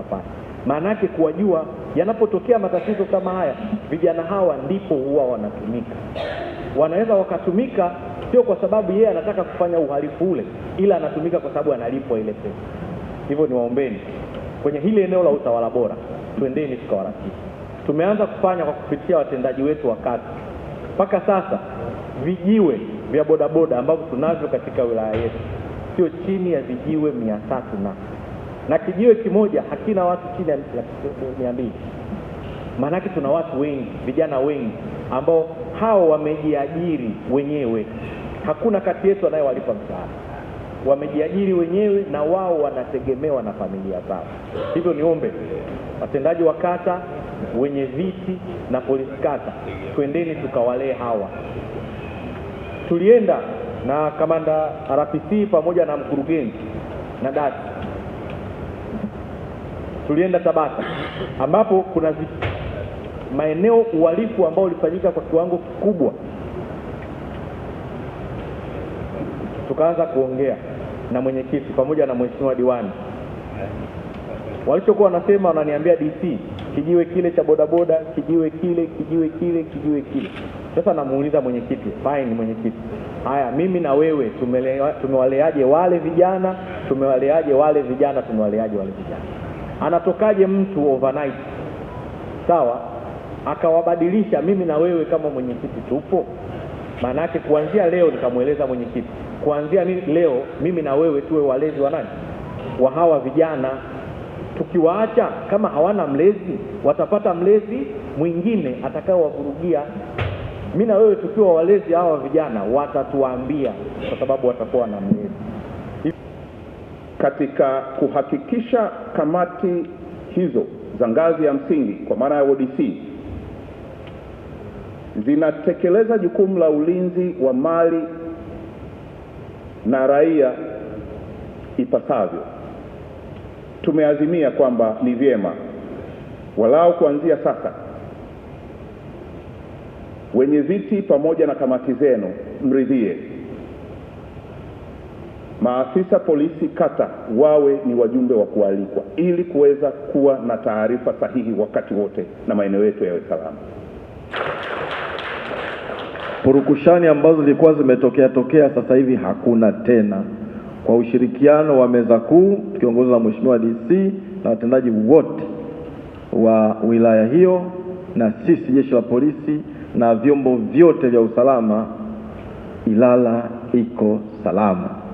tunafanya. yake kuwajua, yanapotokea matatizo kama haya, vijana hawa ndipo huwa wanatumika. Wanaweza wakatumika sio kwa sababu yeye anataka kufanya uhalifu ule, ila anatumika kwa sababu analipwa ile pesa. Hivyo ni waombeni kwenye hili eneo la utawala bora, twendeni tukawarakisi. Tumeanza kufanya kwa kupitia watendaji wetu wa kata. Mpaka sasa vijiwe vya bodaboda ambavyo tunavyo katika wilaya yetu sio chini ya vijiwe mia tatu na na kijiwe kimoja hakina watu chini ya mia mbili. Maanake tuna watu wengi, vijana wengi ambao hao wamejiajiri wenyewe, hakuna kati yetu anayewalipa msaada, wamejiajiri wenyewe na wao wanategemewa na familia zao. Hivyo niombe watendaji wa kata, wenye viti na polisi kata, twendeni tukawalee hawa. Tulienda na kamanda RPC pamoja na mkurugenzi na dati tulienda Tabata ambapo kuna zi, maeneo uhalifu ambao ulifanyika kwa kiwango kikubwa. Tukaanza kuongea na mwenyekiti pamoja na mheshimiwa diwani, walichokuwa wanasema wananiambia, DC, kijiwe kile cha bodaboda, kijiwe kile, kijiwe kile, kijiwe kile. Sasa namuuliza mwenyekiti, fine mwenyekiti, haya mimi na wewe tumewaleaje wale vijana, tumewaleaje wale vijana, tumewaleaje wale vijana? Anatokaje mtu overnight sawa, akawabadilisha mimi na wewe kama mwenyekiti tupo? Maana yake kuanzia leo nikamweleza mwenyekiti, kuanzia leo mimi na wewe tuwe walezi wa nani, wa hawa vijana. Tukiwaacha kama hawana mlezi, watapata mlezi mwingine atakaowavurugia. Mimi na wewe tukiwa walezi hawa vijana, watatuambia kwa sababu watakuwa na mlezi. Katika kuhakikisha kamati hizo za ngazi ya msingi kwa maana ya odc zinatekeleza jukumu la ulinzi wa mali na raia ipasavyo, tumeazimia kwamba ni vyema walau kuanzia sasa wenye viti pamoja na kamati zenu mridhie maafisa polisi kata wawe ni wajumbe wa kualikwa ili kuweza kuwa na taarifa sahihi wakati wote na maeneo yetu yawe salama. Purukushani ambazo zilikuwa zimetokea tokea sasa hivi hakuna tena. Kwa ushirikiano wa meza kuu tukiongozwa na Mheshimiwa DC na watendaji wote wa wilaya hiyo na sisi jeshi la polisi na vyombo vyote vya usalama, Ilala iko salama.